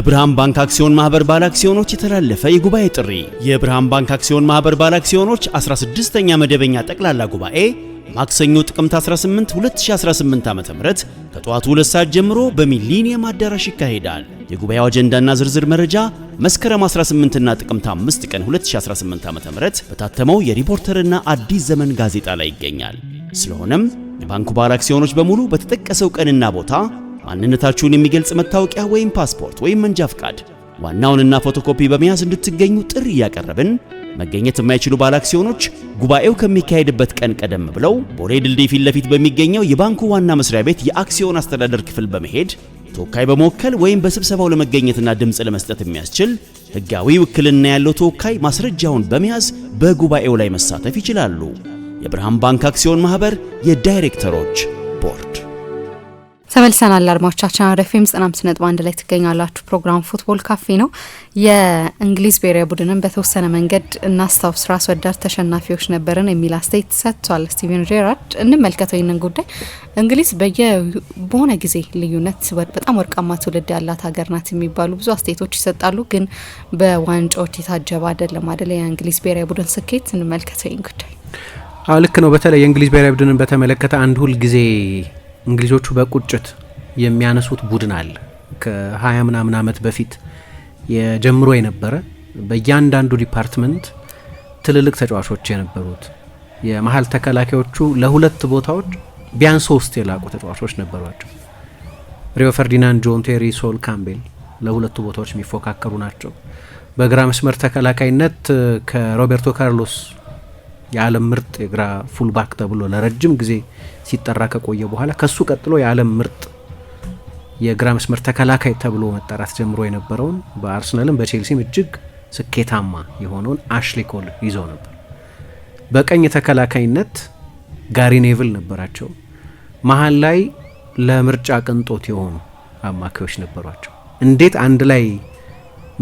ለብርሃን ባንክ አክሲዮን ማህበር ባለ አክሲዮኖች የተላለፈ የጉባኤ ጥሪ የብርሃን ባንክ አክሲዮን ማህበር ባለ አክሲዮኖች 16ኛ መደበኛ ጠቅላላ ጉባኤ ማክሰኞ ጥቅምት 18 2018 ዓ.ም ከጠዋቱ 2 ሰዓት ጀምሮ በሚሊኒየም አዳራሽ ይካሄዳል። የጉባኤው አጀንዳና ዝርዝር መረጃ መስከረም 18ና ጥቅምት 5 ቀን 2018 ዓ.ም በታተመው የሪፖርተርና አዲስ ዘመን ጋዜጣ ላይ ይገኛል። ስለሆነም የባንኩ ባለ አክሲዮኖች በሙሉ በተጠቀሰው ቀንና ቦታ ማንነታችሁን የሚገልጽ መታወቂያ ወይም ፓስፖርት ወይም መንጃ ፍቃድ ዋናውንና ፎቶኮፒ በመያዝ እንድትገኙ ጥሪ እያቀረብን መገኘት የማይችሉ ባለአክሲዮኖች ጉባኤው ከሚካሄድበት ቀን ቀደም ብለው ቦሌ ድልድይ ፊት ለፊት በሚገኘው የባንኩ ዋና መስሪያ ቤት የአክሲዮን አስተዳደር ክፍል በመሄድ ተወካይ በመወከል ወይም በስብሰባው ለመገኘትና ድምፅ ለመስጠት የሚያስችል ሕጋዊ ውክልና ያለው ተወካይ ማስረጃውን በመያዝ በጉባኤው ላይ መሳተፍ ይችላሉ። የብርሃን ባንክ አክሲዮን ማህበር የዳይሬክተሮች ቦርድ ተመልሰናል አድማጮቻችን፣ አራዳ ኤፍ ኤም ዘጠና አምስት ነጥብ አንድ ላይ ትገኛላችሁ። ፕሮግራም ፉትቦል ካፌ ነው። የእንግሊዝ ብሔራዊ ቡድንን በተወሰነ መንገድ እናስታውስ፣ ራስ ወዳድ ተሸናፊዎች ነበርን የሚል አስተያየት ሰጥቷል ስቲቨን ጄራርድ። እንመልከተው ይህንን ጉዳይ። እንግሊዝ በሆነ ጊዜ ልዩነት በጣም ወርቃማ ትውልድ ያላት ሀገር ናት የሚባሉ ብዙ አስተያየቶች ይሰጣሉ። ግን በዋንጫዎች የታጀበ አይደለም አደለ የእንግሊዝ ብሔራዊ ቡድን ስኬት። እንመልከተው ይህን ጉዳይ። ልክ ነው። በተለይ የእንግሊዝ ብሔራዊ ቡድንን በተመለከተ አንድ ጊዜ እንግሊዞቹ በቁጭት የሚያነሱት ቡድን አለ። ከሀያ ምናምን ዓመት በፊት የጀምሮ የነበረ በእያንዳንዱ ዲፓርትመንት ትልልቅ ተጫዋቾች የነበሩት የመሀል ተከላካዮቹ ለሁለት ቦታዎች ቢያንስ ሶስት የላቁ ተጫዋቾች ነበሯቸው። ሪዮ ፈርዲናንድ፣ ጆን ቴሪ፣ ሶል ካምቤል ለሁለቱ ቦታዎች የሚፎካከሩ ናቸው። በግራ መስመር ተከላካይነት ከሮቤርቶ ካርሎስ የዓለም ምርጥ የግራ ፉልባክ ተብሎ ለረጅም ጊዜ ሲጠራ ከቆየ በኋላ ከሱ ቀጥሎ የዓለም ምርጥ የግራ መስመር ተከላካይ ተብሎ መጠራት ጀምሮ የነበረውን በአርሰናልም በቼልሲም እጅግ ስኬታማ የሆነውን አሽሊ ኮል ይዘው ነበር። በቀኝ ተከላካይነት ጋሪ ኔቭል ነበራቸው። መሀል ላይ ለምርጫ ቅንጦት የሆኑ አማካዮች ነበሯቸው። እንዴት አንድ ላይ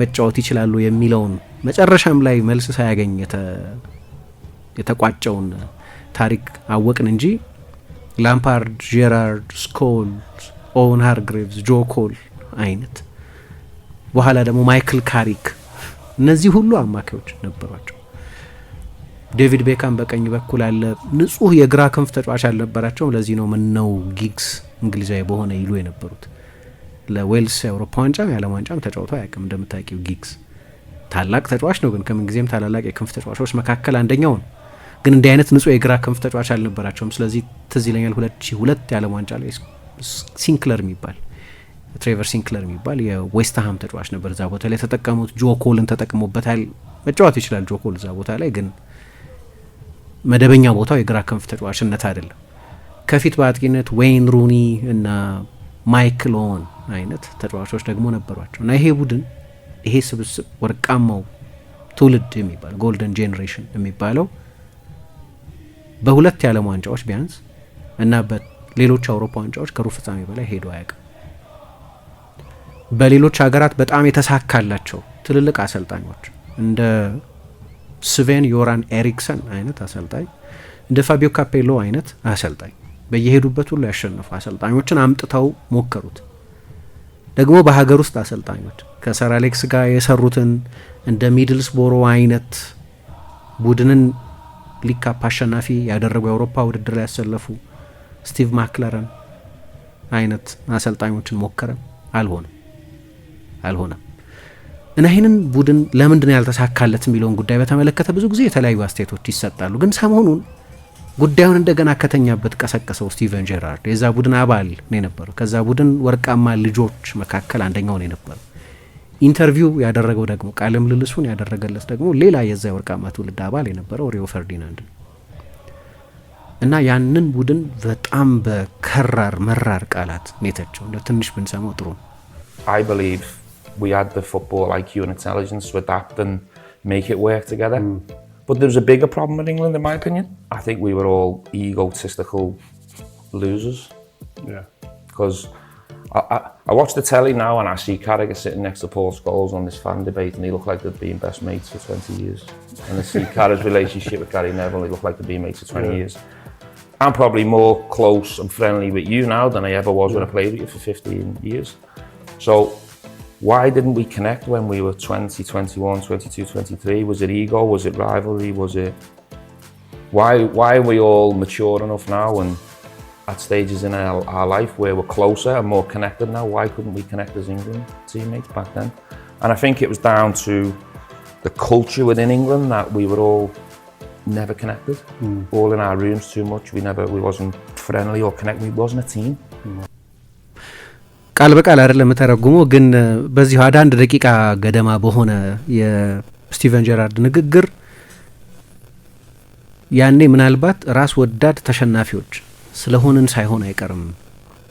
መጫወት ይችላሉ የሚለውን መጨረሻም ላይ መልስ ሳያገኝ የተቋጨውን ታሪክ አወቅን እንጂ ላምፓርድ፣ ጄራርድ፣ ስኮልስ፣ ኦውን ሃርግሬቭስ፣ ጆ ኮል አይነት በኋላ ደግሞ ማይክል ካሪክ እነዚህ ሁሉ አማካዮች ነበሯቸው። ዴቪድ ቤካም በቀኝ በኩል አለ። ንጹህ የግራ ክንፍ ተጫዋች አልነበራቸውም። ለዚህ ነው ምነው ጊግስ እንግሊዛዊ በሆነ ይሉ የነበሩት። ለዌልስ የአውሮፓ ዋንጫም የዓለም ዋንጫም ተጫውቶ አያውቅም። እንደምታውቂው ጊግስ ታላቅ ተጫዋች ነው፣ ግን ከምንጊዜም ታላላቅ የክንፍ ተጫዋቾች መካከል አንደኛው ነው። ግን እንዲህ አይነት ንጹህ የግራ ክንፍ ተጫዋች አልነበራቸውም። ስለዚህ ትዝ ይለኛል ሁለት ሺ ሁለት የዓለም ዋንጫ ላይ ሲንክለር የሚባል ትሬቨር ሲንክለር የሚባል የዌስትሃም ተጫዋች ነበር እዛ ቦታ ላይ ተጠቀሙት። ጆ ኮልን ተጠቅሞበታል። መጫወት ይችላል ጆ ኮል እዛ ቦታ ላይ ግን መደበኛ ቦታው የግራ ክንፍ ተጫዋችነት አይደለም። ከፊት በአጥቂነት ዌይን ሩኒ እና ማይክል ኦወን አይነት ተጫዋቾች ደግሞ ነበሯቸው እና ይሄ ቡድን ይሄ ስብስብ ወርቃማው ትውልድ የሚባለው ጎልደን ጄኔሬሽን የሚባለው በሁለት የዓለም ዋንጫዎች ቢያንስ እና በሌሎች አውሮፓ ዋንጫዎች ከሩብ ፍጻሜ በላይ ሄዶ አያውቅም። በሌሎች ሀገራት በጣም የተሳካላቸው ትልልቅ አሰልጣኞች እንደ ስቬን ዮራን ኤሪክሰን አይነት አሰልጣኝ እንደ ፋቢዮ ካፔሎ አይነት አሰልጣኝ በየሄዱበት ሁሉ ያሸነፉ አሰልጣኞችን አምጥተው ሞከሩት። ደግሞ በሀገር ውስጥ አሰልጣኞች ከሰር አሌክስ ጋር የሰሩትን እንደ ሚድልስ ቦሮ አይነት ቡድንን ሊግ ካፕ አሸናፊ ያደረጉ የአውሮፓ ውድድር ላይ ያሰለፉ ስቲቭ ማክለረን አይነት አሰልጣኞችን ሞከረ። አልሆነም አልሆነም እና ይህንን ቡድን ለምንድን ያልተሳካለት የሚለውን ጉዳይ በተመለከተ ብዙ ጊዜ የተለያዩ አስተያየቶች ይሰጣሉ። ግን ሰሞኑን ጉዳዩን እንደገና ከተኛበት ቀሰቀሰው ስቲቨን ጄራርድ የዛ ቡድን አባል ነው የነበረው። ከዛ ቡድን ወርቃማ ልጆች መካከል አንደኛው ነው የነበረው። ኢንተርቪው ያደረገው ደግሞ ቃለ ምልልሱን ያደረገለት ደግሞ ሌላ የዛ የወርቃማ ትውልድ አባል የነበረው ሪዮ ፈርዲናንድ ነው እና ያንን ቡድን በጣም በከራር መራር ቃላት ሜተቸው። እንደ ትንሽ ብንሰማው ጥሩ ነው። I, I, watch the telly now and I see Carragher sitting next to Paul Scholes on this fan debate and he looked like they'd been best mates for 20 years. And I see Carragher's relationship with Gary Neville, he looked like they'd been mates for 20 yeah. years. I'm probably more close and friendly with you now than I ever was yeah. when I played with you for 15 years. So why didn't we connect when we were 20, 21, 22, 23? Was it ego? Was it rivalry? Was it... Why, why are we all mature enough now and at stages in our, our, life where we're closer and more connected now. Why couldn't we connect as England teammates back then? And I think it was down to the culture within England that we were all never connected, mm. all in our rooms too much. We never, we wasn't friendly or connected. We wasn't a team. Hmm. ቃል በቃል አይደለም የምተረጉመው፣ ግን በዚሁ ወደ አንድ ደቂቃ ገደማ በሆነ የስቲቨን ጀራርድ ንግግር ያኔ ምናልባት ራስ ወዳድ ተሸናፊዎች ስለሆንን ሳይሆን አይቀርም።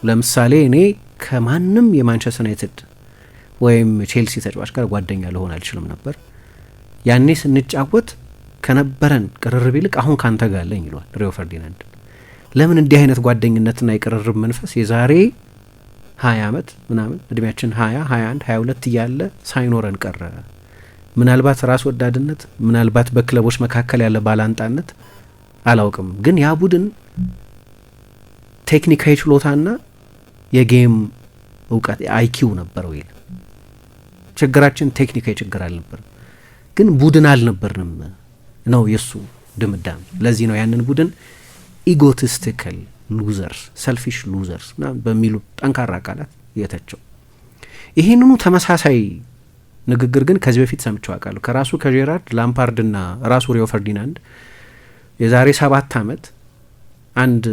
ለምሳሌ እኔ ከማንም የማንቸስተር ዩናይትድ ወይም ቼልሲ ተጫዋች ጋር ጓደኛ ልሆን አልችልም ነበር። ያኔ ስንጫወት ከነበረን ቅርርብ ይልቅ አሁን ካንተ ጋር አለኝ ይሏል ሪዮ ፈርዲናንድ። ለምን እንዲህ አይነት ጓደኝነትና የቅርርብ መንፈስ የዛሬ ሀያ ዓመት ምናምን እድሜያችን ሀያ ሀያ አንድ ሀያ ሁለት እያለ ሳይኖረን ቀረ? ምናልባት ራስ ወዳድነት፣ ምናልባት በክለቦች መካከል ያለ ባላንጣነት አላውቅም። ግን ያ ቡድን ቴክኒካዊ ችሎታና የጌም እውቀት አይኪው ነበረው ይል ችግራችን ቴክኒካዊ ችግር አልነበርም፣ ግን ቡድን አልነበርንም ነው የእሱ ድምዳሜ። ለዚህ ነው ያንን ቡድን ኢጎቲስቲካል ሉዘርስ፣ ሰልፊሽ ሉዘርስ በሚሉ ጠንካራ ቃላት የተቸው። ይህንኑ ተመሳሳይ ንግግር ግን ከዚህ በፊት ሰምቸው አውቃለሁ ከራሱ ከጄራርድ ላምፓርድና ራሱ ሪዮ ፈርዲናንድ የዛሬ ሰባት ዓመት አንድ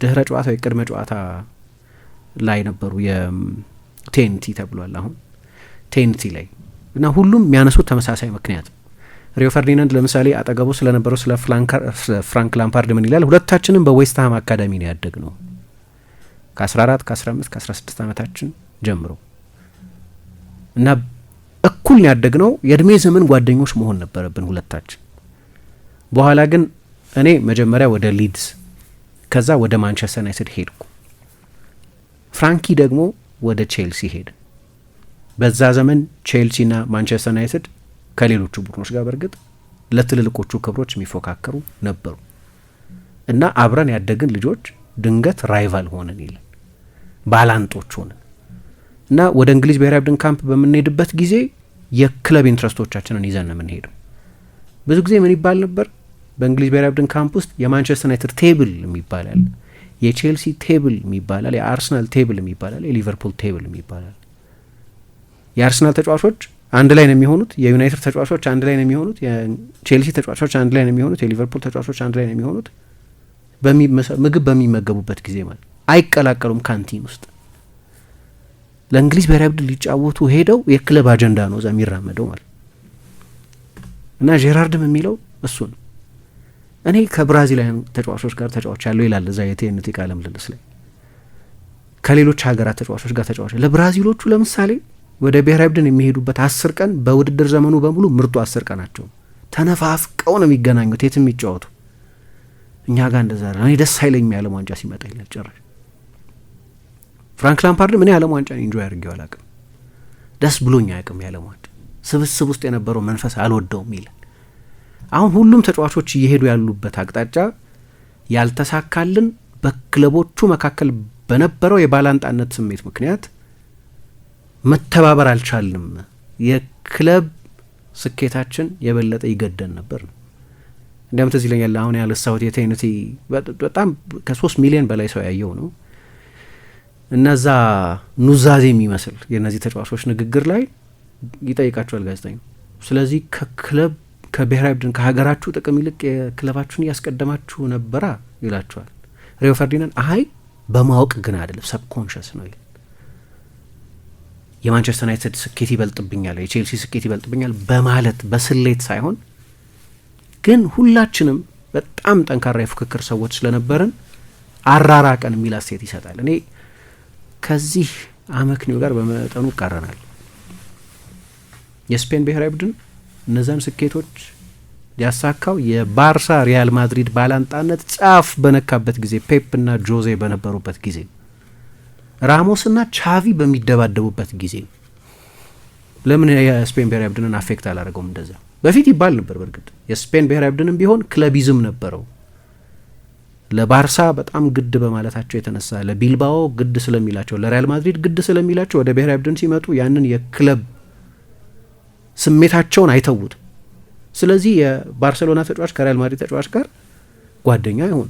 ድህረ ጨዋታ ወይ ቅድመ ጨዋታ ላይ ነበሩ የቴንቲ ተብሏል። አሁን ቴንቲ ላይ እና ሁሉም የሚያነሱት ተመሳሳይ ምክንያት ሪዮ ፈርዲናንድ ለምሳሌ አጠገቡ ስለነበረው ስለ ፍራንክ ላምፓርድ ምን ይላል? ሁለታችንም በዌስትሃም አካዳሚ ነው ያደግ ነው ከ14 ከ15 ከ16 ዓመታችን ጀምሮ እና እኩል ያደግ ነው። የእድሜ ዘመን ጓደኞች መሆን ነበረብን ሁለታችን። በኋላ ግን እኔ መጀመሪያ ወደ ሊድስ ከዛ ወደ ማንቸስተር ዩናይትድ ሄድኩ። ፍራንኪ ደግሞ ወደ ቼልሲ ሄደ። በዛ ዘመን ቼልሲና ማንቸስተር ዩናይትድ ከሌሎቹ ቡድኖች ጋር በእርግጥ ለትልልቆቹ ክብሮች የሚፎካከሩ ነበሩ እና አብረን ያደግን ልጆች ድንገት ራይቫል ሆነን ይለን ባላንጦች ሆነን እና ወደ እንግሊዝ ብሔራዊ ቡድን ካምፕ በምንሄድበት ጊዜ የክለብ ኢንትረስቶቻችንን ይዘን ነው የምንሄደው። ብዙ ጊዜ ምን ይባል ነበር? በእንግሊዝ ብሔራዊ ቡድን ካምፕ ውስጥ የማንቸስተር ዩናይትድ ቴብል የሚባላል፣ የቼልሲ ቴብል የሚባላል፣ የአርሰናል ቴብል የሚባላል፣ የሊቨርፑል ቴብል የሚባላል። የአርሰናል ተጫዋቾች አንድ ላይ ነው የሚሆኑት። የዩናይትድ ተጫዋቾች አንድ ላይ ነው የሚሆኑት። የቼልሲ ተጫዋቾች አንድ ላይ ነው የሚሆኑት። የሊቨርፑል ተጫዋቾች አንድ ላይ ነው የሚሆኑት። ምግብ በሚመገቡበት ጊዜ ማለት አይቀላቀሉም። ካንቲን ውስጥ ለእንግሊዝ ብሔራዊ ቡድን ሊጫወቱ ሄደው የክለብ አጀንዳ ነው እዛ የሚራመደው ማለት እና ጄራርድም የሚለው እሱ ነው። እኔ ከብራዚላውያን ተጫዋቾች ጋር ተጫዋች ያለው ይላል እዛ የቴንቲ ቃለ ምልልስ ላይ ከሌሎች ሀገራት ተጫዋቾች ጋር ተጫዋች ለብራዚሎቹ ለምሳሌ ወደ ብሔራዊ ቡድን የሚሄዱበት አስር ቀን በውድድር ዘመኑ በሙሉ ምርጡ አስር ቀናቸው ተነፋፍቀው ነው የሚገናኙት፣ የት የሚጫወቱ። እኛ ጋር እንደዛ እኔ ደስ አይለኝም የዓለም ዋንጫ ሲመጣ ይላል ጭራሽ። ፍራንክ ላምፓርድ እኔ የዓለም ዋንጫ ኢንጆይ አድርጌው አላቅም፣ ደስ ብሎኛ አያውቅም። የዓለም ዋንጫ ስብስብ ውስጥ የነበረው መንፈስ አልወደውም ይላል። አሁን ሁሉም ተጫዋቾች እየሄዱ ያሉበት አቅጣጫ ያልተሳካልን በክለቦቹ መካከል በነበረው የባላንጣነት ስሜት ምክንያት መተባበር አልቻልንም። የክለብ ስኬታችን የበለጠ ይገደን ነበር ነው። እንዲያውም ትዝ ይለኛል አሁን ያለሳሁት የቴኒቲ በጣም ከሶስት ሚሊዮን በላይ ሰው ያየው ነው። እነዛ ኑዛዜ የሚመስል የእነዚህ ተጫዋቾች ንግግር ላይ ይጠይቃቸዋል ጋዜጠኛው። ስለዚህ ከክለብ ከብሔራዊ ቡድን ከሀገራችሁ ጥቅም ይልቅ የክለባችሁን እያስቀደማችሁ ነበራ ይላቸዋል። ሪዮ ፈርዲናንድ አሀይ በማወቅ ግን አይደለም ሰብኮንሽስ ነው ይል የማንቸስተር ዩናይትድ ስኬት ይበልጥብኛል፣ የቼልሲ ስኬት ይበልጥብኛል በማለት በስሌት ሳይሆን ግን ሁላችንም በጣም ጠንካራ የፉክክር ሰዎች ስለነበርን አራራቀን የሚል አስተያየት ይሰጣል። እኔ ከዚህ አመክንዮ ጋር በመጠኑ ይቃረናል። የስፔን ብሔራዊ ቡድን እነዚያን ስኬቶች ያሳካው የባርሳ ሪያል ማድሪድ ባላንጣነት ጫፍ በነካበት ጊዜ ፔፕ ና ጆዜ በነበሩበት ጊዜ ና ቻቪ በሚደባደቡበት ጊዜ ለምን የስፔን ብሔራዊ ቡድንን አፌክት አላደርገውም እንደዚያ በፊት ይባል ነበር። በእርግጥ የስፔን ብሔራዊ ቡድንም ቢሆን ክለቢዝም ነበረው። ለባርሳ በጣም ግድ በማለታቸው የተነሳ ለቢልባኦ ግድ ስለሚላቸው፣ ለሪያል ማድሪድ ግድ ስለሚላቸው ወደ ብሔራዊ ቡድን ሲመጡ ያንን የክለብ ስሜታቸውን አይተውት። ስለዚህ የባርሴሎና ተጫዋች ከሪያል ማድሪድ ተጫዋች ጋር ጓደኛ ይሁን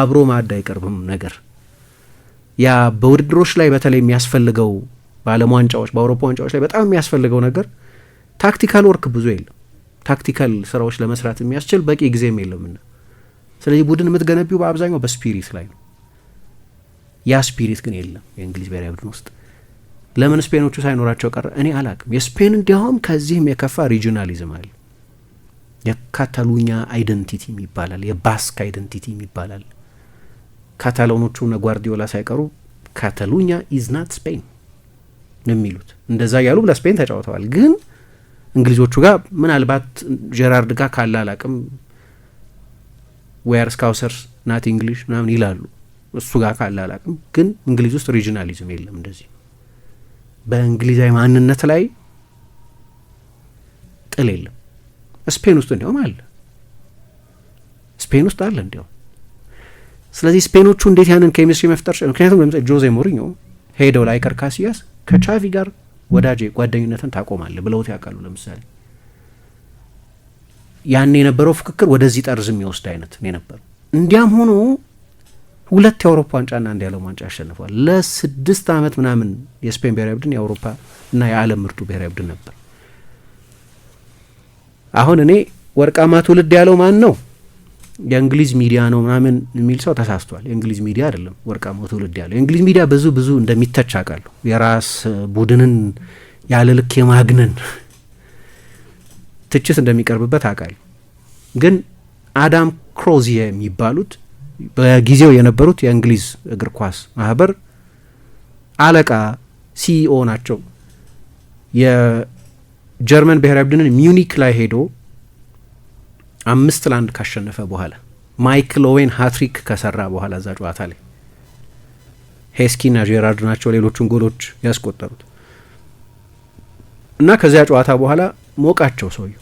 አብሮ ማዕድ አይቀርብም ነገር ያ በውድድሮች ላይ በተለይ የሚያስፈልገው በዓለም ዋንጫዎች በአውሮፓ ዋንጫዎች ላይ በጣም የሚያስፈልገው ነገር ታክቲካል ወርክ ብዙ የለም። ታክቲካል ስራዎች ለመስራት የሚያስችል በቂ ጊዜም የለምና ስለዚህ ቡድን የምትገነቢው በአብዛኛው በስፒሪት ላይ ነው። ያ ስፒሪት ግን የለም የእንግሊዝ ብሔራዊ ቡድን ውስጥ ለምን ስፔኖቹ ሳይኖራቸው ቀረ እኔ አላቅም። የስፔን እንዲያውም ከዚህም የከፋ ሪጂናሊዝም አለ። የካታሉኛ አይደንቲቲ ይባላል፣ የባስክ አይደንቲቲ ይባላል። ካታሎኖቹ እነ ጓርዲዮላ ሳይቀሩ ካታሉኛ ኢዝ ናት ስፔን የሚሉት እንደዛ እያሉ ለስፔን ተጫውተዋል። ግን እንግሊዞቹ ጋር ምናልባት ጀራርድ ጋር ካለ አላቅም ዌር ስካውሰርስ ናት እንግሊሽ ምናምን ይላሉ። እሱ ጋር ካለ አላቅም። ግን እንግሊዝ ውስጥ ሪጂናሊዝም የለም እንደዚህ በእንግሊዛዊ ማንነት ላይ ጥል የለም። ስፔን ውስጥ እንዲያውም አለ፣ ስፔን ውስጥ አለ እንዲያውም። ስለዚህ ስፔኖቹ እንዴት ያንን ኬሚስትሪ መፍጠር ምክንያቱም ለምሳሌ ጆዜ ሞሪኞ ሄደው ላይ ካሲያስ ከቻቪ ጋር ወዳጅ ጓደኝነትን ታቆማለ ብለውት ያውቃሉ። ለምሳሌ ያን የነበረው ፍክክር ወደዚህ ጠርዝ የሚወስድ አይነት ነው የነበረው። እንዲያም ሆኖ ሁለት የአውሮፓ ዋንጫና አንድ የዓለም ዋንጫ ያሸንፏል። ለስድስት ዓመት ምናምን የስፔን ብሔራዊ ቡድን የአውሮፓ እና የዓለም ምርጡ ብሔራዊ ቡድን ነበር። አሁን እኔ ወርቃማ ትውልድ ያለው ማን ነው የእንግሊዝ ሚዲያ ነው ምናምን የሚል ሰው ተሳስቷል። የእንግሊዝ ሚዲያ አይደለም ወርቃማ ትውልድ ያለው። የእንግሊዝ ሚዲያ ብዙ ብዙ እንደሚተች አውቃለሁ። የራስ ቡድንን ያለ ልክ የማግነን ትችት እንደሚቀርብበት አውቃለሁ። ግን አዳም ክሮዚየ የሚባሉት በጊዜው የነበሩት የእንግሊዝ እግር ኳስ ማህበር አለቃ ሲኢኦ ናቸው። የጀርመን ብሔራዊ ቡድንን ሚዩኒክ ላይ ሄዶ አምስት ለአንድ ካሸነፈ በኋላ ማይክል ኦዌን ሀትሪክ ከሰራ በኋላ እዛ ጨዋታ ላይ ሄስኪና ጄራርድ ናቸው ሌሎቹን ጎሎች ያስቆጠሩት እና ከዚያ ጨዋታ በኋላ ሞቃቸው ሰውዩ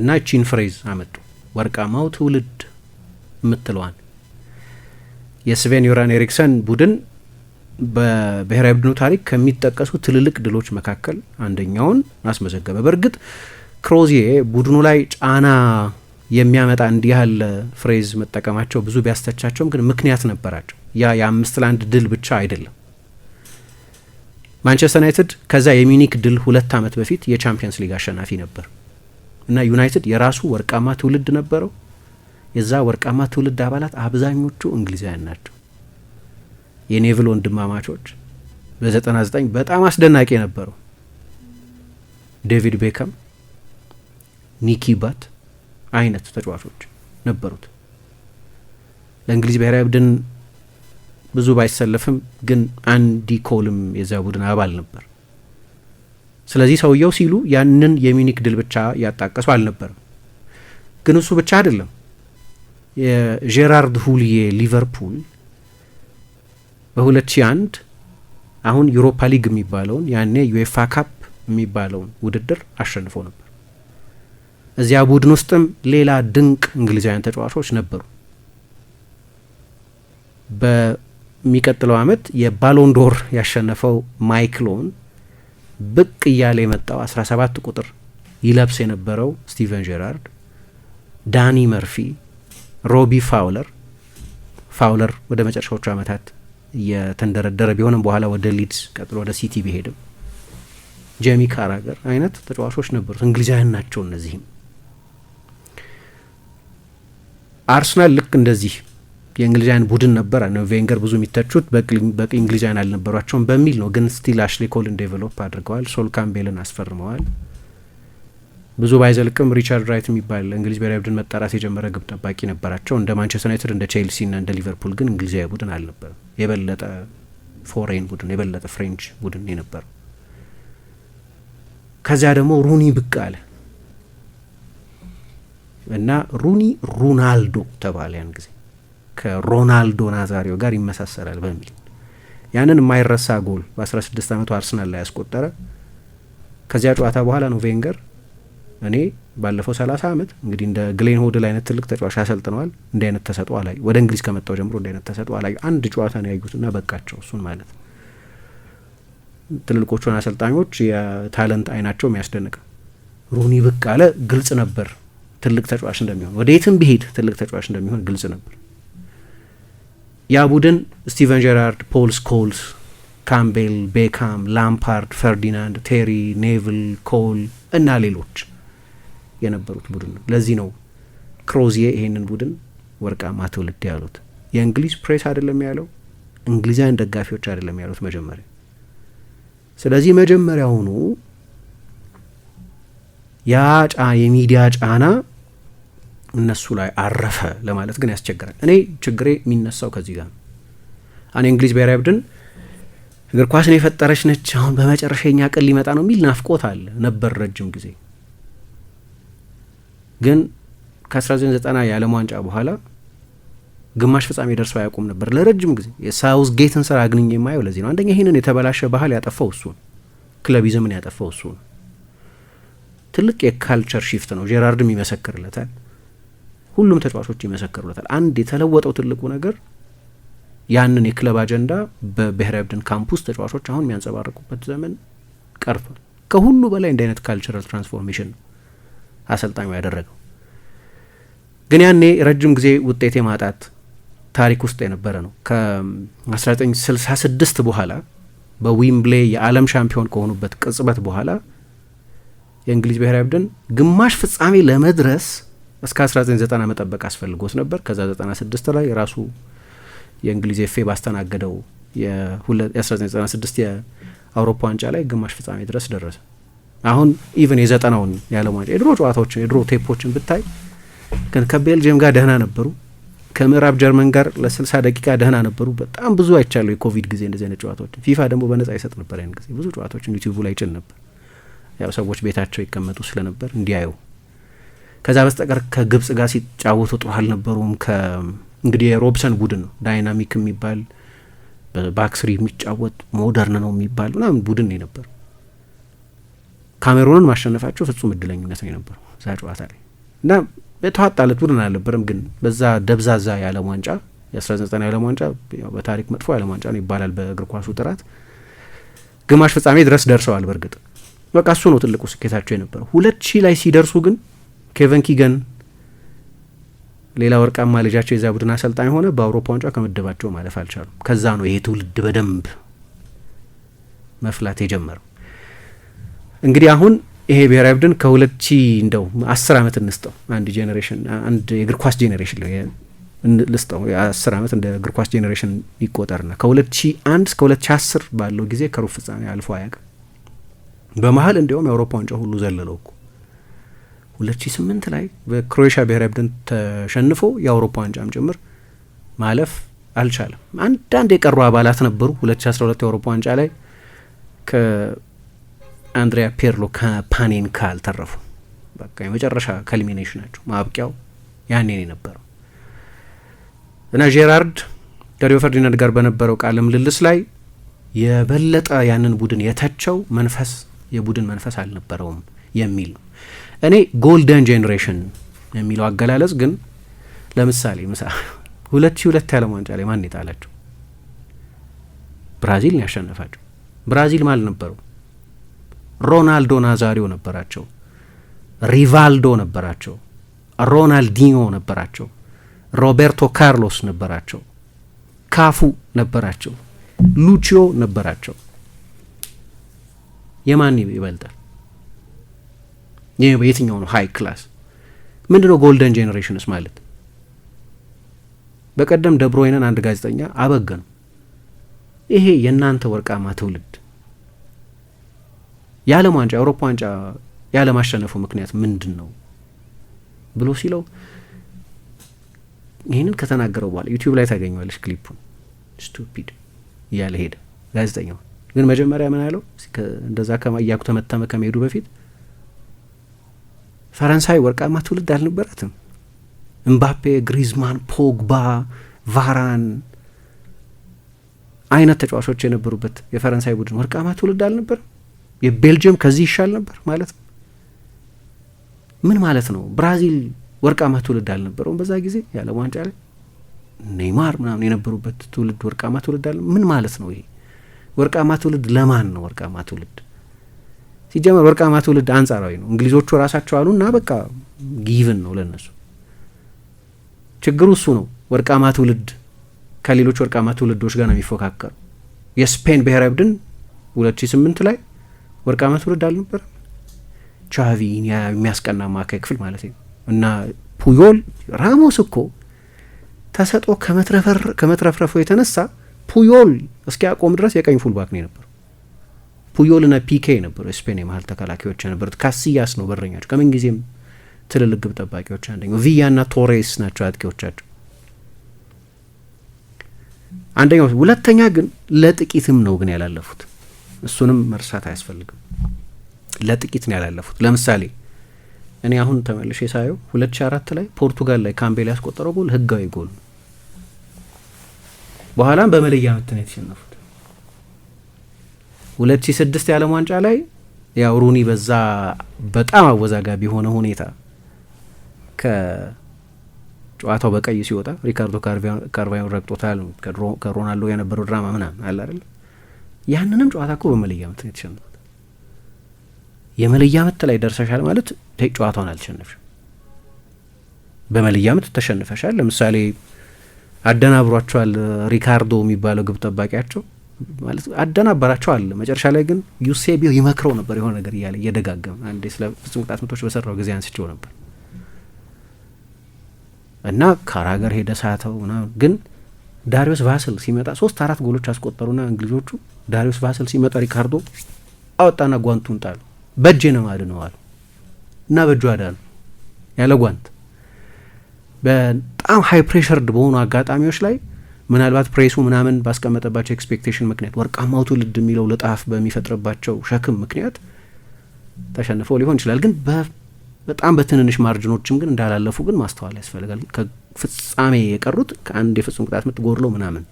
እና ቺን ፍሬዝ አመጡ፣ ወርቃማው ትውልድ የስቬን ዮራን ኤሪክሰን ቡድን በብሔራዊ ቡድኑ ታሪክ ከሚጠቀሱ ትልልቅ ድሎች መካከል አንደኛውን አስመዘገበ። በእርግጥ ክሮዚዬ ቡድኑ ላይ ጫና የሚያመጣ እንዲህ ያለ ፍሬዝ መጠቀማቸው ብዙ ቢያስተቻቸውም ግን ምክንያት ነበራቸው። ያ የአምስት ለአንድ ድል ብቻ አይደለም። ማንቸስተር ዩናይትድ ከዛ የሚኒክ ድል ሁለት ዓመት በፊት የቻምፒየንስ ሊግ አሸናፊ ነበር እና ዩናይትድ የራሱ ወርቃማ ትውልድ ነበረው። የዛ ወርቃማ ትውልድ አባላት አብዛኞቹ እንግሊዛውያን ናቸው። የኔቭል ወንድማማቾች በ99 በጣም አስደናቂ ነበሩ ዴቪድ ቤከም ኒኪ ባት አይነት ተጫዋቾች ነበሩት። ለእንግሊዝ ብሔራዊ ቡድን ብዙ ባይሰለፍም ግን አንዲ ኮልም የዚያ ቡድን አባል ነበር። ስለዚህ ሰውየው ሲሉ ያንን የሚኒክ ድል ብቻ ያጣቀሱ አልነበርም። ግን እሱ ብቻ አይደለም። የጄራርድ ሁሊዬ ሊቨርፑል በ2001 አሁን ዩሮፓ ሊግ የሚባለውን ያኔ ዩኤፋ ካፕ የሚባለውን ውድድር አሸንፎ ነበር። እዚያ ቡድን ውስጥም ሌላ ድንቅ እንግሊዛውያን ተጫዋቾች ነበሩ። በሚቀጥለው ዓመት የባሎንዶር ያሸነፈው ማይክሎን ብቅ እያለ የመጣው 17 ቁጥር ይለብስ የነበረው ስቲቨን ጄራርድ፣ ዳኒ መርፊ ሮቢ ፋውለር ፋውለር ወደ መጨረሻዎቹ አመታት እየተንደረደረ ቢሆንም በኋላ ወደ ሊድስ ቀጥሎ ወደ ሲቲ ቢሄድም ጄሚ ካራገር አይነት ተጫዋቾች ነበሩት። እንግሊዛውያን ናቸው። እነዚህም አርሰናል ልክ እንደዚህ የእንግሊዛውያን ቡድን ነበረ ነው ቬንገር ብዙ የሚተቹት በቂ እንግሊዛውያን አልነበሯቸውም በሚል ነው። ግን ስቲል አሽሊ ዴቨሎፕ አድርገዋል። ሶል ካምቤልን አስፈርመዋል። ብዙ ባይዘልቅም ሪቻርድ ራይት የሚባል እንግሊዝ ብሔራዊ ቡድን መጠራት የጀመረ ግብ ጠባቂ ነበራቸው። እንደ ማንቸስተር ዩናይትድ፣ እንደ ቼልሲ ና እንደ ሊቨርፑል ግን እንግሊዛዊ ቡድን አልነበረም። የበለጠ ፎሬን ቡድን የበለጠ ፍሬንች ቡድን የነበረው። ከዚያ ደግሞ ሩኒ ብቅ አለ እና ሩኒ ሮናልዶ ተባለ። ያን ጊዜ ከሮናልዶ ናዛሪዮ ጋር ይመሳሰላል በሚል ያንን የማይረሳ ጎል በ16 ዓመቱ አርሰናል ላይ ያስቆጠረ ከዚያ ጨዋታ በኋላ ነው ቬንገር እኔ ባለፈው ሰላሳ ዓመት እንግዲህ እንደ ግሌን ሆድል አይነት ትልቅ ተጫዋች ያሰልጥነዋል እንዲህ አይነት ተሰጥኦ አላዩ። ወደ እንግሊዝ ከመጣው ጀምሮ እንዲህ አይነት ተሰጥኦ አላዩ። አንድ ጨዋታ ነው ያዩትና በቃቸው። እሱን ማለት ትልልቆቹን አሰልጣኞች የታለንት አይናቸው የሚያስደንቅ ሩኒ ብቅ አለ። ግልጽ ነበር ትልቅ ተጫዋች እንደሚሆን፣ ወደ የትም ቢሄድ ትልቅ ተጫዋች እንደሚሆን ግልጽ ነበር። ያ ቡድን ስቲቨን ጀራርድ፣ ፖል ስኮልስ፣ ካምቤል፣ ቤካም፣ ላምፓርድ፣ ፈርዲናንድ፣ ቴሪ፣ ኔቭል፣ ኮል እና ሌሎች የነበሩት ቡድን ነው። ለዚህ ነው ክሮዚዬ ይሄንን ቡድን ወርቃማ ትውልድ ያሉት። የእንግሊዝ ፕሬስ አይደለም ያለው፣ እንግሊዛውያን ደጋፊዎች አይደለም ያሉት መጀመሪያ። ስለዚህ መጀመሪያውኑ ያ ጫ የሚዲያ ጫና እነሱ ላይ አረፈ ለማለት ግን ያስቸግራል። እኔ ችግሬ የሚነሳው ከዚህ ጋር ነው። እንግሊዝ ብሔራዊ ቡድን እግር ኳስን የፈጠረች ነች፣ አሁን በመጨረሻ የኛ ቀን ሊመጣ ነው የሚል ናፍቆት አለ ነበር ረጅም ጊዜ ግን ከ1990 የዓለም ዋንጫ በኋላ ግማሽ ፍጻሜ ደርሰው አያውቁም ነበር ለረጅም ጊዜ። የሳውዝ ጌትን ስራ አግንኝ የማየው ለዚህ ነው። አንደኛ ይህንን የተበላሸ ባህል ያጠፋው እሱ ነው። ክለቢዝምን ያጠፋው እሱ ነው። ትልቅ የካልቸር ሺፍት ነው። ጄራርድም ይመሰክርለታል፣ ሁሉም ተጫዋቾች ይመሰክሩለታል። አንድ የተለወጠው ትልቁ ነገር ያንን የክለብ አጀንዳ በብሔራዊ ቡድን ካምፕ ውስጥ ተጫዋቾች አሁን የሚያንጸባርቁበት ዘመን ቀርቷል። ከሁሉ በላይ እንዲህ አይነት ካልቸራል ትራንስፎርሜሽን ነው አሰልጣኙ ያደረገው። ግን ያኔ ረጅም ጊዜ ውጤት የማጣት ታሪክ ውስጥ የነበረ ነው። ከ1966 በኋላ በዊምብሌ የዓለም ሻምፒዮን ከሆኑበት ቅጽበት በኋላ የእንግሊዝ ብሔራዊ ቡድን ግማሽ ፍጻሜ ለመድረስ እስከ 1990 መጠበቅ አስፈልጎት ነበር። ከዛ 96 ላይ ራሱ የእንግሊዝ ኤፌ ባስተናገደው የ1996 የአውሮፓ ዋንጫ ላይ ግማሽ ፍጻሜ ድረስ ደረሰ። አሁን ኢቨን የዘጠናውን የዓለም ዋንጫ የድሮ ጨዋታዎችን የድሮ ቴፖችን ብታይ ግን ከቤልጅየም ጋር ደህና ነበሩ። ከምዕራብ ጀርመን ጋር ለ ደቂቃ ደህና ነበሩ። በጣም ብዙ አይቻለሁ የኮቪድ ጊዜ እንደዚህ አይነት ጨዋታዎችን። ፊፋ ደግሞ በነጻ ይሰጥ ነበር። ያን ጊዜ ብዙ ጨዋታዎችን ዩቲዩቡ ላይ ይጭን ነበር፣ ያው ሰዎች ቤታቸው ይቀመጡ ስለነበር እንዲያዩ። ከዛ በስተቀር ከግብጽ ጋር ሲጫወቱ ጥሩ አልነበሩም። እንግዲህ የሮብሰን ቡድን ነው ዳይናሚክ የሚባል በባክስሪ የሚጫወት ሞደርን ነው የሚባል ምናምን ቡድን ነበር ካሜሩንን ማሸነፋቸው ፍጹም እድለኝነት ነው የነበረው እዛ ጨዋታ ላይ እና የተዋጣለት ቡድን አልነበረም። ግን በዛ ደብዛዛ የዓለም ዋንጫ የ19 የዓለም ዋንጫ በታሪክ መጥፎ የዓለም ዋንጫ ነው ይባላል በእግር ኳሱ ጥራት ግማሽ ፍጻሜ ድረስ ደርሰዋል። በእርግጥ በቃ እሱ ነው ትልቁ ስኬታቸው የነበረው። ሁለት ሺህ ላይ ሲደርሱ ግን ኬቨን ኪገን ሌላ ወርቃማ ልጃቸው የዛ ቡድን አሰልጣኝ ሆነ። በአውሮፓ ዋንጫ ከምድባቸው ማለፍ አልቻሉም። ከዛ ነው ይሄ ትውልድ በደንብ መፍላት የጀመረው። እንግዲህ አሁን ይሄ ብሔራዊ ቡድን ከሁለት ሺ እንደው አስር አመት እንስጠው አንድ ጄኔሬሽን አንድ የእግር ኳስ ጄኔሬሽን ልስጠው የአስር አመት እንደ እግር ኳስ ጄኔሬሽን ይቆጠርና ከሁለት ሺ አንድ እስከ ሁለት ሺ አስር ባለው ጊዜ ከሩብ ፍጻሜ አልፎ አያውቅም። በመሀል እንዲያውም የአውሮፓ ዋንጫ ሁሉ ዘለለው እኮ ሁለት ሺ ስምንት ላይ በክሮኤሽያ ብሔራዊ ቡድን ተሸንፎ የአውሮፓ ዋንጫም ጭምር ማለፍ አልቻለም። አንዳንድ የቀሩ አባላት ነበሩ። ሁለት ሺ አስራ ሁለት የአውሮፓ ዋንጫ ላይ አንድሪያ ፔርሎ ከፓኔንካ አልተረፉ። በቃ የመጨረሻ ከሊሚኔሽን ናቸው። ማብቂያው ያኔን የነበረው እና ጄራርድ ከሪዮ ፈርዲናንድ ጋር በነበረው ቃለ ምልልስ ላይ የበለጠ ያንን ቡድን የተቸው መንፈስ የቡድን መንፈስ አልነበረውም የሚል ነው። እኔ ጎልደን ጄኔሬሽን የሚለው አገላለጽ ግን ለምሳሌ ምሳ ሁለት ሺ ሁለት የዓለም ዋንጫ ላይ ማን የጣላቸው? ብራዚል ያሸነፋቸው ብራዚል ማል ነበረው ሮናልዶ ናዛሪዮ ነበራቸው፣ ሪቫልዶ ነበራቸው፣ ሮናልዲኞ ነበራቸው፣ ሮቤርቶ ካርሎስ ነበራቸው፣ ካፉ ነበራቸው፣ ሉቺዮ ነበራቸው። የማን ይበልጣል? የትኛው ነው ሀይ ክላስ? ምንድነው ጎልደን ጄኔሬሽንስ ማለት? በቀደም ደብሮይነን አንድ ጋዜጠኛ አበገኑ። ይሄ የእናንተ ወርቃማ ትውልድ የዓለም ዋንጫ የአውሮፓ ዋንጫ ያለማሸነፉ ምክንያት ምንድን ነው ብሎ ሲለው ይህንን ከተናገረው በኋላ ዩቲዩብ ላይ ታገኘዋለች ክሊፑን። ስቱፒድ እያለ ሄደ ጋዜጠኛው። ግን መጀመሪያ ምን ያለው እንደዛ እያኩተመተመ ከመሄዱ በፊት ፈረንሳይ ወርቃማ ትውልድ አልነበራትም? እምባፔ፣ ግሪዝማን፣ ፖግባ፣ ቫራን አይነት ተጫዋቾች የነበሩበት የፈረንሳይ ቡድን ወርቃማ ትውልድ አልነበርም? የቤልጅየም ከዚህ ይሻል ነበር ማለት ነው። ምን ማለት ነው? ብራዚል ወርቃማ ትውልድ አልነበረውም በዛ ጊዜ ያለ ዋንጫ ላይ ኔይማር ምናምን የነበሩበት ትውልድ ወርቃማ ትውልድ አለ። ምን ማለት ነው ይሄ? ወርቃማ ትውልድ ለማን ነው? ወርቃማ ትውልድ ሲጀመር ወርቃማ ትውልድ አንጻራዊ ነው። እንግሊዞቹ ራሳቸው አሉ እና በቃ ጊቭን ነው ለነሱ። ችግሩ እሱ ነው። ወርቃማ ትውልድ ከሌሎች ወርቃማ ትውልዶች ጋር ነው የሚፎካከሩ። የስፔን ብሔራዊ ቡድን 208 ላይ ወርቃማ ትውልድ አልነበረም። ቻቪ የሚያስቀና ማካይ ክፍል ማለት ነው እና ፑዮል ራሞስ እኮ ተሰጦ ከመትረፍረፉ የተነሳ ፑዮል እስኪ አቆም ድረስ የቀኝ ፉልባክ ነው የነበረው። ፑዮል ና ፒኬ ነበሩ የስፔን የመሀል ተከላካዮች የነበሩት። ካስያስ ነው በረኛቸው፣ ከምን ጊዜም ትልልቅ ግብ ጠባቂዎች አንደኛው። ቪያ ና ቶሬስ ናቸው አጥቂዎቻቸው አንደኛው። ሁለተኛ ግን ለጥቂትም ነው ግን ያላለፉት እሱንም መርሳት አያስፈልግም። ለጥቂት ነው ያላለፉት። ለምሳሌ እኔ አሁን ተመልሼ ሳየው ሁለት ሺ አራት ላይ ፖርቱጋል ላይ ካምቤል ያስቆጠረው ጎል ህጋዊ ጎል በኋላም በመለያ ምት ነው የተሸነፉት። ሁለት ሺ ስድስት የዓለም ዋንጫ ላይ ያው ሩኒ በዛ በጣም አወዛጋቢ የሆነ ሁኔታ ከጨዋታው በቀይ ሲወጣ ሪካርዶ ካርቫዮን ረግጦታል። ከሮናልዶ የነበረው ድራማ ምናምን አለ አይደል ያንንም ጨዋታ እኮ በመለያ ምት የተሸነፉት የመለያ ምት ላይ ደርሰሻል ማለት ጨዋታውን አልተሸነፍሽም። በመለያ ምት ተሸንፈሻል። ለምሳሌ አደናብሯቸዋል። ሪካርዶ የሚባለው ግብ ጠባቂያቸው ማለት አለ። መጨረሻ ላይ ግን ዩሴቢዮ ይመክረው ነበር የሆነ ነገር እያለ እየደጋገመ አንዴ ስለ ፍጹም ቅጣት ምቶች በሰራው ጊዜ አንስቼው ነበር እና ከራገር ሄደ ሳተው ምናምን ግን ዳሪዮስ ቫስል ሲመጣ ሶስት አራት ጎሎች አስቆጠሩና እንግሊዞቹ ዳሪዮስ ቫስል ሲመጣ ሪካርዶ አወጣና ጓንቱን ጣሉ። በእጄ ነው አድነው አሉ እና በእጁ አዳኑ ያለ ጓንት። በጣም ሀይ ፕሬሸርድ በሆኑ አጋጣሚዎች ላይ ምናልባት ፕሬሱ ምናምን ባስቀመጠባቸው ኤክስፔክቴሽን ምክንያት ወርቃማው ትውልድ የሚለው ልጣፍ በሚፈጥርባቸው ሸክም ምክንያት ተሸንፈው ሊሆን ይችላል። ግን በጣም በትንንሽ ማርጅኖችም ግን እንዳላለፉ ግን ማስተዋል ያስፈልጋል። ከፍጻሜ የቀሩት ከአንድ የፍጹም ቅጣት ምት ጎድሎ ምናምን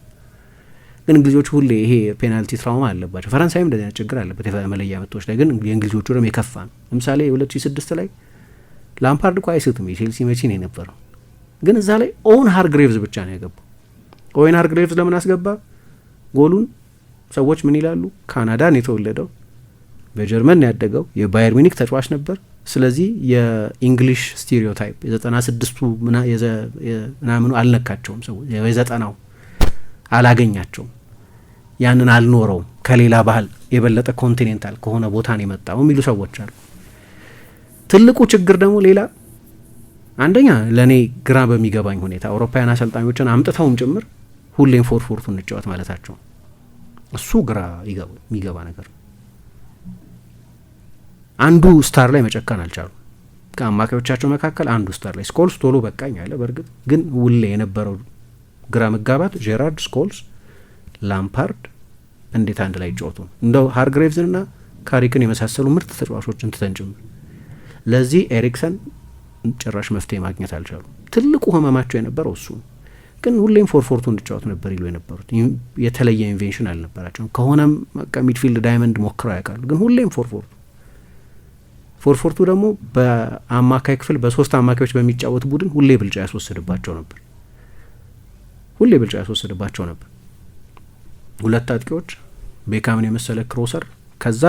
ግን እንግሊዞቹ ሁሌ ይሄ ፔናልቲ ትራውማ አለባቸው። ፈረንሳይም እንደዚህ አይነት ችግር አለበት የመለያ ምቶች ላይ፣ ግን የእንግሊዞቹ ደግሞ የከፋ ነው። ለምሳሌ የ ስድስት ላይ ላምፓርድ እኳ አይስትም የቼልሲ መቺ የነበረው፣ ግን እዛ ላይ ኦውን ሃርግሬቭዝ ብቻ ነው ያገባው። ኦውን ሃርግሬቭዝ ለምን አስገባ ጎሉን? ሰዎች ምን ይላሉ? ካናዳን የተወለደው በጀርመን ያደገው የባየር ሚኒክ ተጫዋች ነበር። ስለዚህ የኢንግሊሽ ስቴሪዮታይፕ የዘጠና ስድስቱ ምናምኑ አልነካቸውም ሰዎች የዘጠናው አላገኛቸውም። ያንን አልኖረውም ከሌላ ባህል የበለጠ ኮንቲኔንታል ከሆነ ቦታ ነው የመጣው የሚሉ ሰዎች አሉ። ትልቁ ችግር ደግሞ ሌላ አንደኛ ለእኔ ግራ በሚገባኝ ሁኔታ አውሮፓውያን አሰልጣኞችን አምጥተውም ጭምር ሁሌም ፎር ፎርቱ እንጫወት ማለታቸው እሱ ግራ የሚገባ ነገር አንዱ ስታር ላይ መጨከን አልቻሉም። ከአማካዮቻቸው መካከል አንዱ ስታር ላይ ስኮልስ ቶሎ በቃኝ አለ። በእርግጥ ግን ውሌ የነበረው ግራ መጋባት ጄራርድ ስኮልስ ላምፓርድ እንዴት አንድ ላይ ይጫወቱ ነው እንደው ሃርግሬቭዝንና ካሪክን የመሳሰሉ ምርጥ ተጫዋቾችን ትተን ጭምር ለዚህ ኤሪክሰን ጭራሽ መፍትሄ ማግኘት አልቻሉ። ትልቁ ህመማቸው የነበረው እሱ ነው። ግን ሁሌም ፎር ፎርቱ እንድጫወት ነበር ይሉ የነበሩት የተለየ ኢንቬንሽን አልነበራቸውም። ከሆነም በቃ ሚድፊልድ ዳይመንድ ሞክረው ያውቃሉ። ግን ሁሌም ፎር ፎርቱ ፎር ፎርቱ ደግሞ በአማካይ ክፍል በሶስት አማካዮች በሚጫወት ቡድን ሁሌ ብልጫ ያስወስድባቸው ነበር። ሁሌ ብልጫ ያስወስድባቸው ነበር። ሁለት አጥቂዎች ቤካምን የመሰለ ክሮሰር፣ ከዛ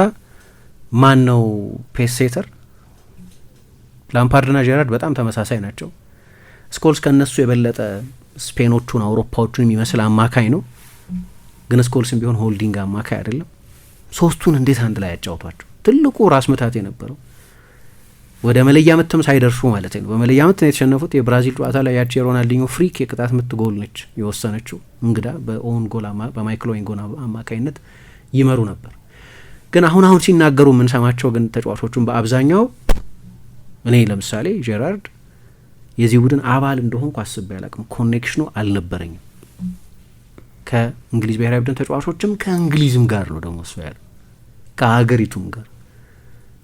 ማን ነው ፔስ ሴተር። ላምፓርድና ጀራርድ በጣም ተመሳሳይ ናቸው። ስኮልስ ከእነሱ የበለጠ ስፔኖቹን አውሮፓዎቹን የሚመስል አማካኝ ነው፣ ግን ስኮልስም ቢሆን ሆልዲንግ አማካኝ አይደለም። ሶስቱን እንዴት አንድ ላይ ያጫውቷቸው? ትልቁ ራስ ምታት የነበረው ወደ መለያ ምትም ሳይደርሱ ማለት ነው። በመለያ ምት ነው የተሸነፉት። የብራዚል ጨዋታ ላይ ያቺ የሮናልዲኞ ፍሪክ የቅጣት ምት ጎል ነች የወሰነችው። እንግዳ በኦን ጎል በማይክል ኦዌን ጎል አማካኝነት ይመሩ ነበር። ግን አሁን አሁን ሲናገሩ የምንሰማቸው ግን ተጫዋቾቹን በአብዛኛው እኔ ለምሳሌ ጄራርድ የዚህ ቡድን አባል እንደሆንኩ አስቤ አላቅም። ኮኔክሽኑ አልነበረኝም። ከእንግሊዝ ብሔራዊ ቡድን ተጫዋቾችም ከእንግሊዝም ጋር ነው ደግሞ እሱ ያለ ከሀገሪቱም ጋር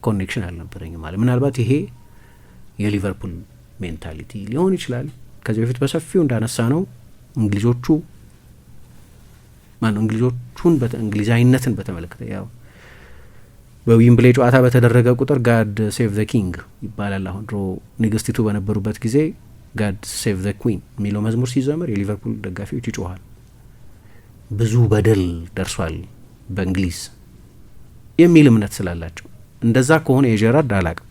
ኮኔክሽን አልነበረኝም ማለት ምናልባት ይሄ የሊቨርፑል ሜንታሊቲ ሊሆን ይችላል። ከዚህ በፊት በሰፊው እንዳነሳ ነው እንግሊዞቹ ማነው እንግሊዞቹን እንግሊዛዊነትን በተመለከተ ያው በዊምብሌ ጨዋታ በተደረገ ቁጥር ጋድ ሴቭ ዘ ኪንግ ይባላል። አሁን ድሮ ንግስቲቱ በነበሩበት ጊዜ ጋድ ሴቭ ዘ ኩዊን የሚለው መዝሙር ሲዘመር የሊቨርፑል ደጋፊዎች ይጮኋል። ብዙ በደል ደርሷል በእንግሊዝ የሚል እምነት ስላላቸው እንደዛ ከሆነ የጀራርድ አላቅም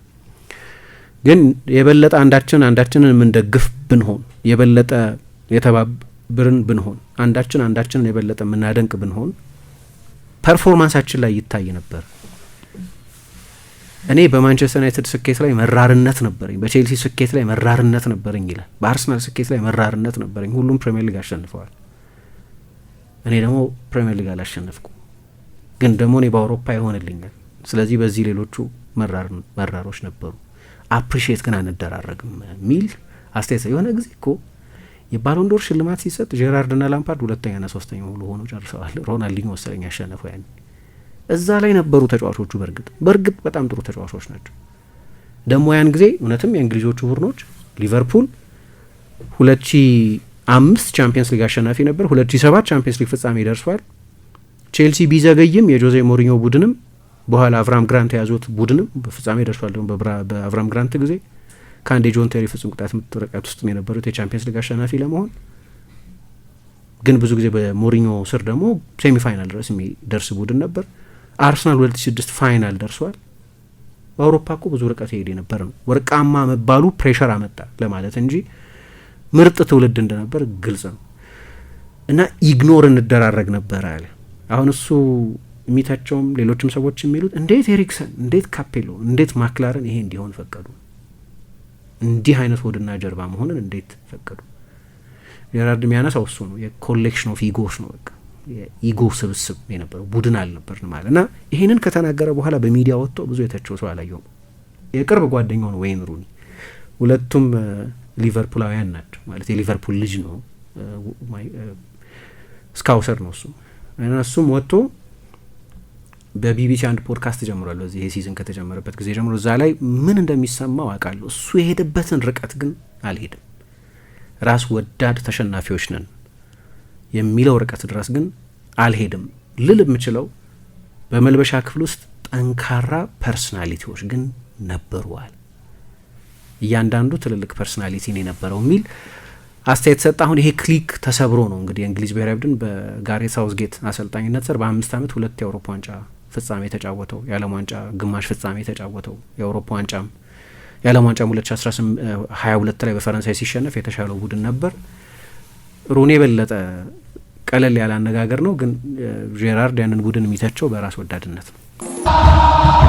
ግን የበለጠ አንዳችን አንዳችንን የምንደግፍ ብንሆን የበለጠ የተባብርን ብንሆን አንዳችን አንዳችንን የበለጠ የምናደንቅ ብንሆን ፐርፎርማንሳችን ላይ ይታይ ነበር። እኔ በማንቸስተር ዩናይትድ ስኬት ላይ መራርነት ነበረኝ፣ በቼልሲ ስኬት ላይ መራርነት ነበረኝ ይላል። በአርሰናል ስኬት ላይ መራርነት ነበረኝ። ሁሉም ፕሪምየር ሊግ አሸንፈዋል። እኔ ደግሞ ፕሪምየር ሊግ አላሸነፍኩም፣ ግን ደግሞ እኔ በአውሮፓ ይሆንልኛል ስለዚህ በዚህ ሌሎቹ መራሮች ነበሩ፣ አፕሪሺየት ግን አንደራረግም ሚል አስተያየት የሆነ ጊዜ እኮ የባሎንዶር ሽልማት ሲሰጥ ጄራርድና ላምፓርድ ሁለተኛና ሶስተኛ ሙሉ ሆኖ ጨርሰዋል። ሮናልዲኞ መሰለኝ ያሸነፈው ያን እዛ ላይ ነበሩ ተጫዋቾቹ። በእርግጥ በእርግጥ በጣም ጥሩ ተጫዋቾች ናቸው። ደግሞ ያን ጊዜ እውነትም የእንግሊዞቹ ቡድኖች ሊቨርፑል ሁለት ሺ አምስት ቻምፒየንስ ሊግ አሸናፊ ነበር። ሁለት ሺ ሰባት ቻምፒየንስ ሊግ ፍጻሜ ደርሷል። ቼልሲ ቢዘገይም የጆዜ ሞሪኞ ቡድንም በኋላ አቭራም ግራንት የያዙት ቡድንም በፍጻሜ ደርሷል። በአቭራም ግራንት ጊዜ ከአንድ የጆን ቴሪ ፍጹም ቅጣት ምት ርቀት ውስጥ የነበሩት የቻምፒየንስ ሊግ አሸናፊ ለመሆን ግን ብዙ ጊዜ በሞሪኞ ስር ደግሞ ሴሚፋይናል ድረስ የሚደርስ ቡድን ነበር። አርሰናል ሁለት ሺ ስድስት ፋይናል ደርሷል። በአውሮፓ እኮ ብዙ ርቀት የሄደ የነበረ ነው። ወርቃማ መባሉ ፕሬሸር አመጣ ለማለት እንጂ ምርጥ ትውልድ እንደነበር ግልጽ ነው። እና ኢግኖር እንደራረግ ነበር አለ አሁን እሱ የሚታቸውም ሌሎችም ሰዎች የሚሉት እንዴት ኤሪክሰን፣ እንዴት ካፔሎ፣ እንዴት ማክላርን ይሄ እንዲሆን ፈቀዱ? እንዲህ አይነት ሆድና ጀርባ መሆንን እንዴት ፈቀዱ? ጀራርድ የሚያነሳው እሱ ነው። የኮሌክሽን ኦፍ ኢጎስ ነው። በቃ የኢጎ ስብስብ የነበረው ቡድን አልነበርን ማለት እና ይሄንን ከተናገረ በኋላ በሚዲያ ወጥቶ ብዙ የተቸው ሰው አላየውም። የቅርብ ጓደኛው ነው ወይን ሩኒ። ሁለቱም ሊቨርፑላውያን ናቸው ማለት የሊቨርፑል ልጅ ነው። ስካውሰር ነው እሱም እሱም ወጥቶ በቢቢሲ አንድ ፖድካስት ጀምሯል። በዚህ ይሄ ሲዝን ከተጀመረበት ጊዜ ጀምሮ እዛ ላይ ምን እንደሚሰማው አውቃለሁ። እሱ የሄደበትን ርቀት ግን አልሄድም። ራስ ወዳድ ተሸናፊዎች ነን የሚለው ርቀት ድረስ ግን አልሄድም ልል የምችለው በመልበሻ ክፍል ውስጥ ጠንካራ ፐርስናሊቲዎች ግን ነበሩዋል። እያንዳንዱ ትልልቅ ፐርስናሊቲ ነው የነበረው የሚል አስተያየት ሰጠ። አሁን ይሄ ክሊክ ተሰብሮ ነው እንግዲህ የእንግሊዝ ብሔራዊ ቡድን በጋሬት ሳውዝጌት አሰልጣኝነት ስር በአምስት ዓመት ሁለት የአውሮፓ ዋንጫ ፍጻሜ የተጫወተው የዓለም ዋንጫ ግማሽ ፍጻሜ የተጫወተው የአውሮፓ ዋንጫም የዓለም ዋንጫም 2022 ላይ በፈረንሳይ ሲሸነፍ የተሻለው ቡድን ነበር። ሩኔ የበለጠ ቀለል ያለ አነጋገር ነው፣ ግን ጄራርድ ያንን ቡድን የሚተቸው በራስ ወዳድነት ነው።